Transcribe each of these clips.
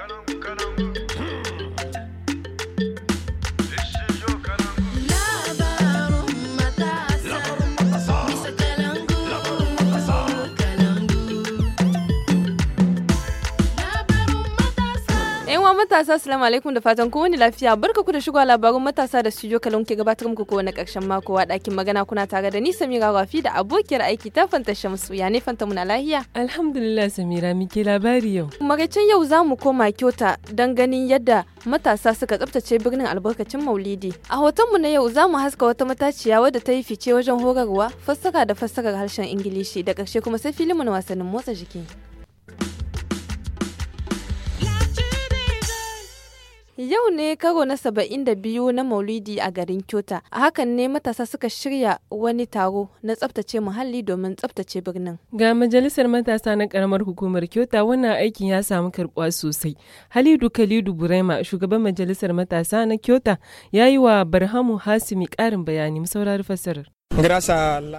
Caramba, caramba. kuma matasa assalamu alaikum da fatan kowane lafiya barka ku da shigo labarun matasa da studio kalon ke gabatar muku kowane karshen mako wa ɗakin magana kuna tare da ni Samira Rafi da abokiyar aiki ta Fanta Shamsu ya ne Fanta muna lahiya alhamdulillah Samira muke labari yau maraicen yau za mu koma kyota don ganin yadda matasa suka tsaftace birnin albarkacin Maulidi a hoton mu na yau za mu haska wata mataciya wadda ta yi fice wajen horarwa fassara da fassarar harshen Ingilishi da ƙarshe kuma sai filin wasannin motsa jiki Yau ne karo na saba'in da biyu na Maulidi a garin Kyota. A hakan ne matasa suka shirya wani taro na tsabtace muhalli domin tsabtace birnin. Ga majalisar matasa na karamar hukumar Kyota wannan aikin ya samu karbuwa sosai. Halidu Kalidu Burema shugaban majalisar matasa na Kyota ya yi wa Barhamu Hasimi karin bayani mu saurari fasarar.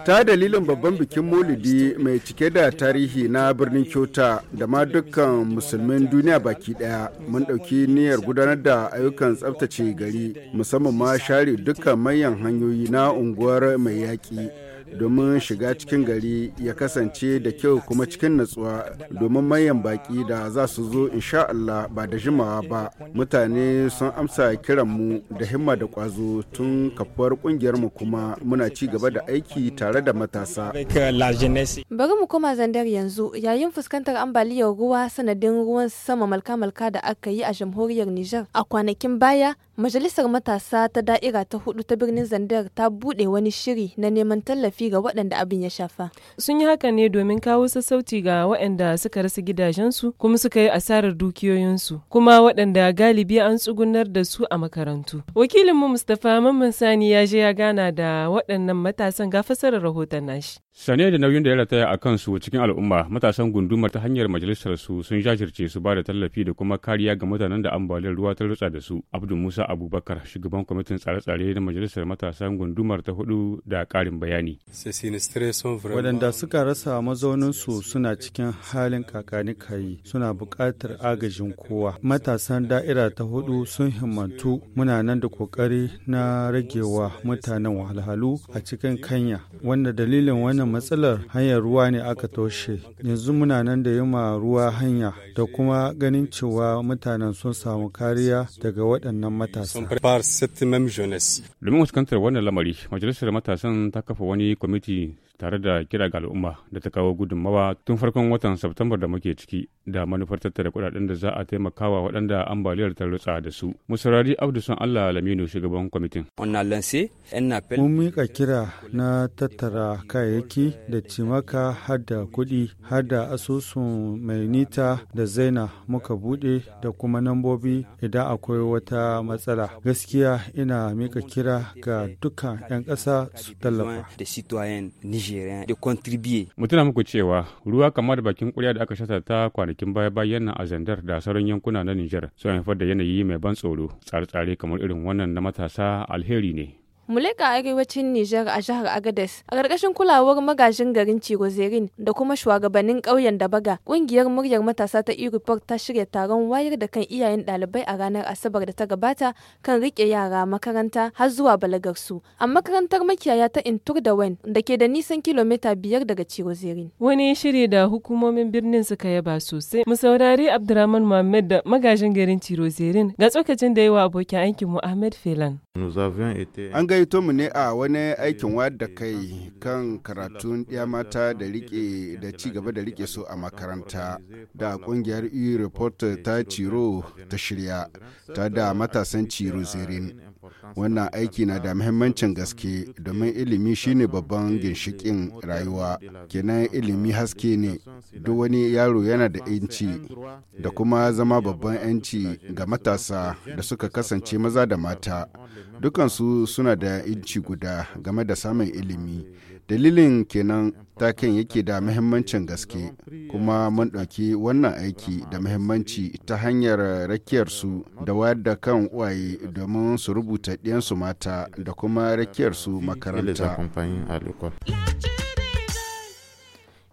Ta dalilin babban bikin molidi mai cike da tarihi na birnin Kyoto da ma dukkan musulmin duniya baki daya mun ɗauki niyyar gudanar da ayyukan tsaftace gari musamman ma share dukkan manyan hanyoyi na unguwar mai yaƙi. domin shiga cikin gari ya kasance da kyau kuma cikin natsuwa domin mayan baki da za su zo insha Allah ba da jimawa ba mutane sun amsa kiranmu da himma da kwazo tun kafuwar kungiyarmu kuma muna ci gaba da aiki tare da matasa bari mu koma zandar yanzu yayin fuskantar ambaliyar ruwa sanadin ruwan sama malka-malka da aka yi a jamhuriyar Nijar a kwanakin baya Majalisar Matasa ta Da'ira ta hudu ta birnin Zandar ta buɗe wani shiri na neman tallafi ga waɗanda abin ya shafa. Sun yi haka ne domin kawo sassauci ga waɗanda suka rasa gidajensu kuma suka yi asarar dukiyoyinsu kuma waɗanda galibi an tsugunar da su a makarantu. Wakilinmu Mustapha Mamman Sani ya je ya gana da waɗannan matasan ga fasarar rahoton nashi. Sane da nauyin da ya rataya a kansu cikin al'umma matasan gundumar ta hanyar majalisar su sun jajirce su ba da tallafi da kuma kariya ga mutanen da ambaliyar ruwa ta rutsa da su. Abdul Musa Abubakar shugaban kwamitin tsare-tsare na majalisar matasan gundumar ta hudu da karin bayani. Waɗanda suka rasa mazaunin suna cikin halin kakani kai suna buƙatar agajin kowa. Matasan da'ira ta hudu sun himmatu muna nan da kokari na ragewa mutanen wahalhalu a cikin Kanya wanda dalilin wani wannan matsalar hanyar ruwa ne aka toshe. Yanzu muna nan da yi ruwa hanya da kuma ganin cewa mutanen sun samu kariya daga waɗannan matasa. Domin fuskantar wannan lamari, majalisar matasan ta kafa wani kwamiti tare da kira ga al'umma da ta kawo gudunmawa tun farkon watan Septembar da muke ciki da manufar tattara kudaden da za a taimaka wa waɗanda ambaliyar ta rutsa da su. Musarari sun Allah Laminu shugaban kwamitin. Mun mika kira na tattara kayayyaki da cimaka har da kuɗi har da asusun mai nita da zaina muka buɗe da kuma nambobi idan akwai wata matsala. Gaskiya ina mika kira ga dukkan 'yan ƙasa su tallafa. Najeriya da contribute mu muku cewa ruwa kamar da bakin kurya da aka shata ta kwanakin baya bayan nan a zandar da sauran yankuna na niger sun haifar da yanayi mai ban tsoro tsare-tsare kamar irin wannan na matasa alheri ne Muleka arewacin Nijar a jihar Agadez a ƙarƙashin kulawar magajin garin Cigozerin da kuma shugabannin ƙauyen Dabaga, ƙungiyar muryar matasa ta Iruport ta shirya taron wayar da kan iyayen ɗalibai a ranar Asabar da ta gabata kan riƙe yara makaranta har zuwa balagarsu. A makarantar makiyaya ta Intur da Wen da ke da nisan kilomita biyar daga Cigozerin. Wani shiri da hukumomin birnin suka yaba sosai. Mu saurari Abdurrahman Muhammad da magajin garin Cirozerin ga tsokacin da yi wa abokin aikinmu Ahmed Felan. gaito mu ne a wani aikin da kai kan karatun ɗiya mata da rike da ci gaba da rike so a makaranta da kungiyar e-report ta ciro ta shirya ta da matasan ciro zirin Wannan aiki na da muhimmancin gaske domin ilimi shine babban ginshikin rayuwa. Kenan ilimi haske ne, duk wani yaro yana da 'yanci da kuma zama babban 'yanci ga matasa da suka kasance maza da mata. Dukansu suna da 'yanci guda game da samun ilimi. dalilin kenan taken yake da muhimmancin gaske kuma mun ɗauki wannan aiki da muhimmanci ta hanyar rakiyarsu da wayar da kan uwaye domin su rubuta ɗiyansu mata da kuma rakiyarsu makaranta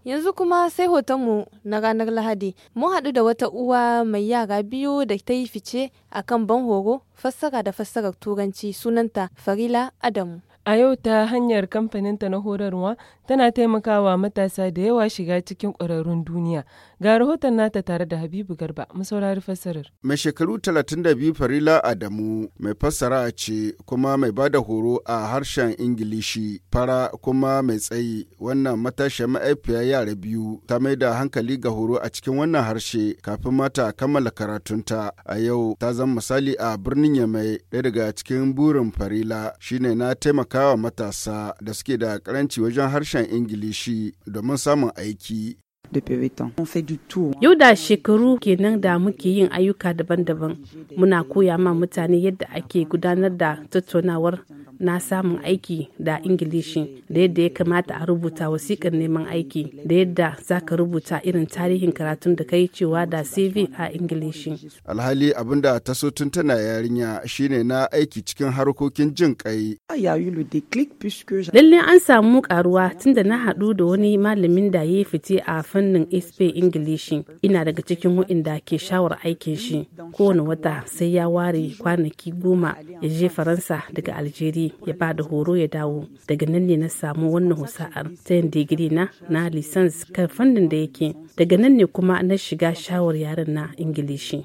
yanzu kuma sai hotonmu na ranar lahadi mun haɗu da wata uwa mai yara biyu da ta yi fice a kan ban horo fassara da fassarar turanci sunanta farila adamu A yau ta hanyar kamfaninta na horarwa, tana taimakawa matasa da yawa shiga cikin ƙwararrun duniya. Ga rahoton nata tare da Habibu Garba, masaurari fassarar. Mai shekaru 32 Farila Adamu mai fassara ce kuma mai ba da horo a harshen Ingilishi, fara kuma mai tsayi. Wannan matashiya ma'aifiya yara biyu ta mai da hankali ga horo a cikin wannan harshe kafin mata kammala karatunta. A yau ta zama misali a birnin Yamai, ɗaya daga cikin burin Farila shine na taimaka taimakawa matasa da suke da karanci wajen harshen Ingilishi domin samun aiki. Yau da shekaru kenan da muke yin ayyuka daban-daban muna koya ma mutane yadda ake gudanar da tattaunawar na samun aiki da ingilishi da yadda ya kamata a rubuta wasikar neman aiki da yadda za ka rubuta irin tarihin karatun da ka yi cewa da cv a ingilishi alhali abin abinda ta so tun tana yarinya shine na aiki cikin harkokin jin kai ah, lallai an samu karuwa tunda na haɗu da wani malamin da ya fice a fannin sp ingilishi ina daga cikin waɗanda ke shawar aikin shi kowane wata sai ya ware kwanaki goma ya je faransa daga algeria ya ba da horo ya dawo daga nan ne na samu wannan husa'ar ta yin digiri na na lisans kan fannin da yake daga nan ne kuma na shiga shawar yaren na ingilishi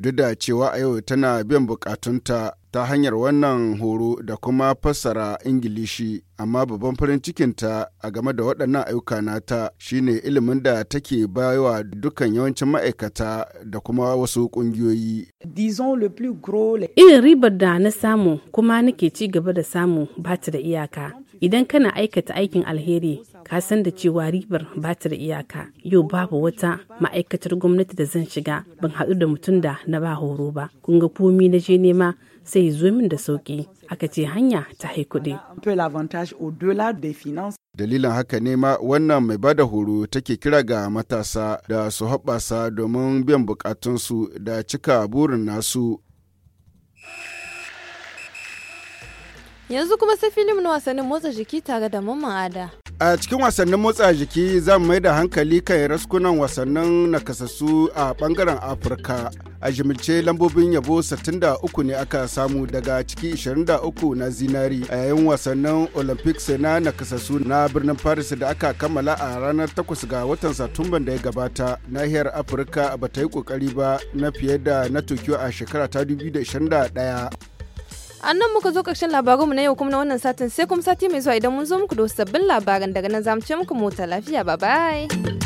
duk da cewa a yau tana biyan bukatunta ta hanyar wannan horo da kuma fassara ingilishi amma babban farin cikinta a game da waɗannan ayyuka nata shine ilimin da take bayowa dukkan yawancin ma'aikata da kuma wasu ƙungiyoyi. irin ribar da na samu kuma nake ci gaba da samu ba ta da iyaka Idan kana aikata aikin alheri, ka san da cewa ribar ba ta da iyaka. Yau babu wata ma'aikatar gwamnati da zan shiga ban haɗu da mutum da na ba horo ba. Kun ga komi na je nema sai zo min da sauki Aka ce hanya ta haikuɗe. Dalilin haka ne ma wannan mai bada horo take kira ga matasa da su haɓasa domin biyan bukatunsu da cika burin nasu Yanzu kuma sai filim na wasannin motsa jiki tare da mamman ada. A cikin wasannin motsa jiki zan mai da hankali kan raskunan wasannin nakasassu a bangaren Afirka. A jimilce lambobin yabo 63 ne aka samu daga ciki 23 na zinari a yayin wasannin Olympics na nakasassu na birnin Paris da aka kammala a ranar 8 ga watan Satumban da ya gabata. Nahiyar Afirka ba ta yi kokari ba na fiye da na Tokyo a shekara ta 2021. annan nan muka zo ƙarshen mu na yau kuma na wannan satin sai kuma sati mai zuwa idan mun zo muku da sabbin labaran daga nan zamu ce muku mota lafiya bye bye